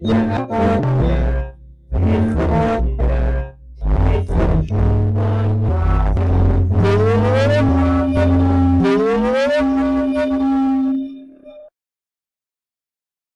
Yeah.